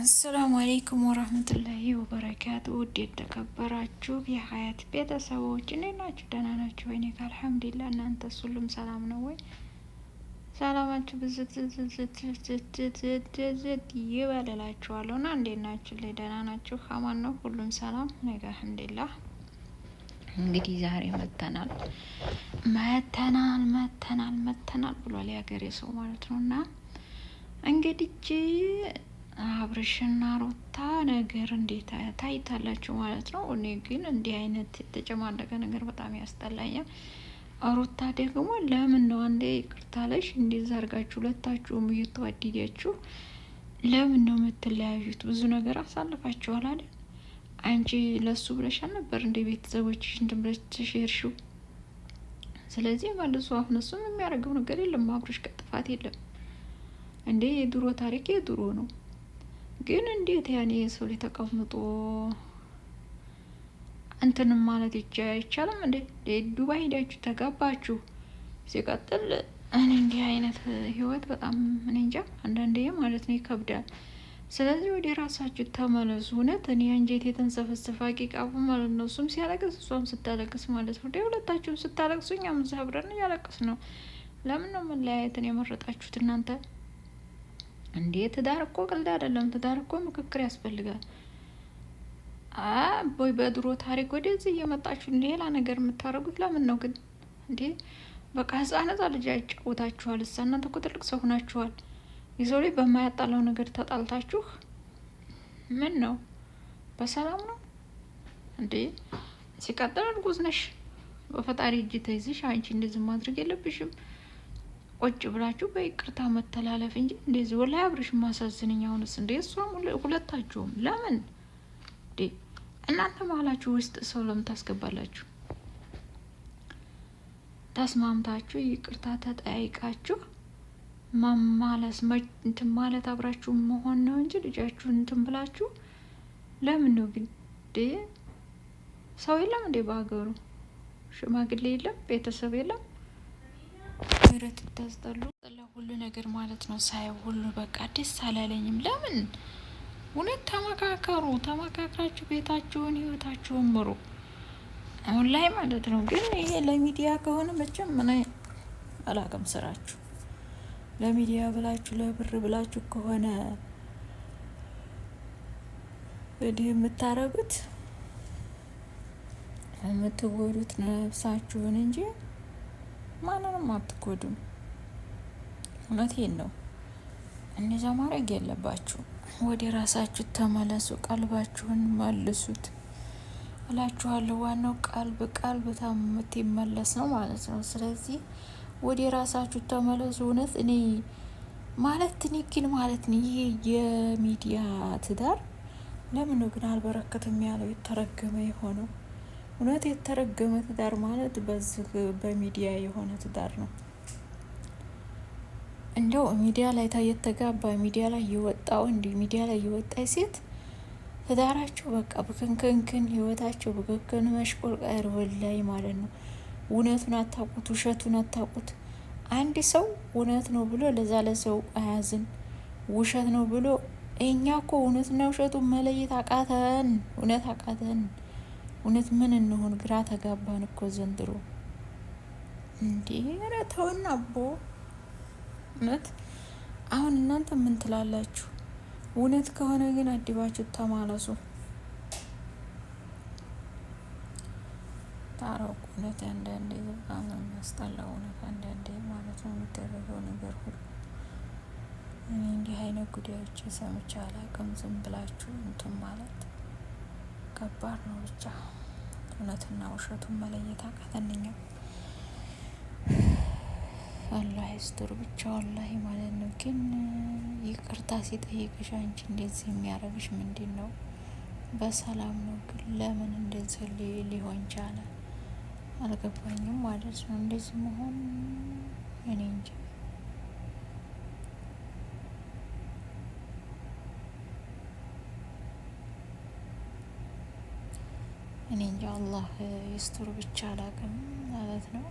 አሰላሙ አሌይኩም ወረህመቱላሂ ወበረካቱ። ውድ የተከበራችሁ የሀያት ቤተሰቦች እንዴት ናችሁ? ደህና ናችሁ ወይ? እኔ ጋር እናንተስ ሁሉም ሰላም ነው ወይ? ሰላማችሁ ብዝትዝትዝትዝትዝት ይበልላችኋለሁ እና እንዴት ናችሁ? ላይ ደህና ናችሁ? ከማን ነው? ሁሉም ሰላም እኔ አልሐምዱሊላህ። እንግዲህ ዛሬ መተናል መተናል መተናል መተናል ብሏል የሀገሬ ሰው ማለት ነው እና እንግዲህ አብርሽና ሩታ ነገር እንዴት ታይታላችሁ ማለት ነው። እኔ ግን እንዲህ አይነት የተጨማለቀ ነገር በጣም ያስጠላኛል። ሩታ ደግሞ ለምን ነው አንዴ ይቅርታ እንዴት ዛርጋችሁ አርጋችሁ ሁለታችሁም እየተዋደዳችሁ ለምን ነው የምትለያዩት? ብዙ ነገር አሳልፋችኋል አይደል? አንቺ ለሱ ብለሽ አልነበር እንደ ቤተሰቦችሽ እንትን ብለሽ ተሸርሽው። ስለዚህ መልሱ አሁን እሱም የሚያደርገው ነገር የለም አብርሽ ከጥፋት የለም እንዴ የድሮ ታሪክ የድሮ ነው። ግን እንዴት ያኔ ሰው ላይ ተቀምጦ እንትንም ማለት ይቻ አይቻልም እንዴ? ዱባይ ሄዳችሁ ተጋባችሁ። ሲቀጥል እኔ እንዲህ አይነት ህይወት በጣም እኔ እንጃ አንዳንዴ ማለት ነው ይከብዳል። ስለዚህ ወደ ራሳችሁ ተመለሱ። እውነት እኔ አንጀት የተንሰፈሰፈ አቂቃቡ ማለት ነው። እሱም ሲያለቅስ እሷም ስታለቅስ ማለት ነው። ሁለታችሁም ስታለቅሱ እኛም አብረን እያለቅስ ነው። ለምን ነው መለያየትን የመረጣችሁት እናንተ? እንዴ ትዳር እኮ ቀልድ አይደለም። ትዳር እኮ ምክክር ያስፈልጋል። አቦይ በድሮ ታሪክ ወደዚህ እየመጣችሁ ሌላ ነገር የምታደርጉት ለምን ነው ግን? እንዴ በቃ ህጻን ህጻን ልጅ ያጫወታችኋል። እሳ እናንተ እኮ ትልቅ ሰው ሆናችኋል። የሰው ልጅ በማያጣላው ነገር ተጣልታችሁ ምን ነው በሰላም ነው እንዴ? ሲቀጥል እርጉዝ ነሽ፣ በፈጣሪ እጅ ተይዝሽ። አንቺ እንደዚህ ማድረግ የለብሽም። ቁጭ ብላችሁ በይቅርታ መተላለፍ እንጂ እንደዚህ ወላሂ አብርሽ ማሳዝንኝ። አሁንስ እንደ እሷም ሁለታችሁም ለምን እንዴ እናንተ መሀላችሁ ውስጥ ሰው ለምን ታስገባላችሁ? ተስማምታችሁ ይቅርታ ተጠያይቃችሁ ማማለስ እንትን ማለት አብራችሁ መሆን ነው እንጂ ልጃችሁን እንትን ብላችሁ ለምን ነው እንዴ? ሰው የለም እንዴ በሀገሩ ሽማግሌ የለም ቤተሰብ የለም ምረት ጥላ ለሁሉ ነገር ማለት ነው። ሳየው ሁሉ በቃ ደስ አላለኝም። ለምን እውነት ተመካከሩ፣ ተመካክራችሁ ቤታችሁን ህይወታችሁን ምሩ። አሁን ላይ ማለት ነው። ግን ይሄ ለሚዲያ ከሆነ መቼም ምን አላቅም ስራችሁ ለሚዲያ ብላችሁ ለብር ብላችሁ ከሆነ እንዲህ የምታረጉት የምትጎዱት ነፍሳችሁን እንጂ ማንንም አትጎዱም። እውነቴን ነው። እነዛ ማድረግ የለባችሁ። ወደ ራሳችሁ ተመለሱ። ቀልባችሁን መልሱት እላችኋለሁ። ዋናው ቀልብ ቀልብ የምትመለስ ነው ማለት ነው። ስለዚህ ወደ ራሳችሁ ተመለሱ። እውነት እኔ ማለት ትኒኪን ማለት ነው። ይሄ የሚዲያ ትዳር ለምን ግን አልበረከትም ያለው የተረገመ የሆነው እውነት የተረገመ ትዳር ማለት በዚህ በሚዲያ የሆነ ትዳር ነው። እንደው ሚዲያ ላይ የተጋባ ሚዲያ ላይ የወጣ ወንድ ሚዲያ ላይ የወጣ ሴት ትዳራቸው በቃ ብክንክንክን ህይወታቸው ብክንክን መሽቆልቀር ወላይ ማለት ነው። እውነቱን አታቁት፣ ውሸቱን አታቁት። አንድ ሰው እውነት ነው ብሎ ለዛ ለሰው አያዝን፣ ውሸት ነው ብሎ እኛ እኮ እውነትና ውሸቱን መለየት አቃተን፣ እውነት አቃተን። እውነት ምን እንሆን ግራ ተጋባን እኮ ዘንድሮ። እንዴ ኧረ ተውና አቦ እውነት። አሁን እናንተ ምን ትላላችሁ? እውነት ከሆነ ግን አዲባችሁ ተማለሱ፣ ታረቁ። እውነት አንዳንዴ በጣም ነው የሚያስጠላው። እውነት አንዳንዴ ማለት ነው የሚደረገው ነገር ሁሉ እኔ እንዲህ አይነት ጉዳዮች ሰምቼ አላውቅም። ዝም ብላችሁ እንትን ማለት ከባድ ነው። ብቻ እውነትና ውሸቱን መለየት አቃተንኛ። አላህ ይስጥር ብቻ ወላሂ ማለት ነው። ግን ይቅርታ ሲጠይቅሽ አንቺ እንደዚህ የሚያደርግሽ ምንድን ነው? በሰላም ነው። ግን ለምን እንደዚህ ሊሆን ቻለ? አልገባኝም ማለት ነው። እንደዚህ መሆን እኔ እንጂ እኔ እንጃ አላህ ይስጥሩ ብቻ አላቅም ማለት ነው።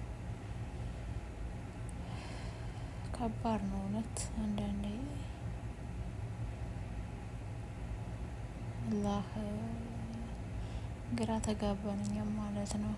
ከባድ ነው እውነት አንዳንዴ አላህ ግራ ተጋባን እኛም ማለት ነው።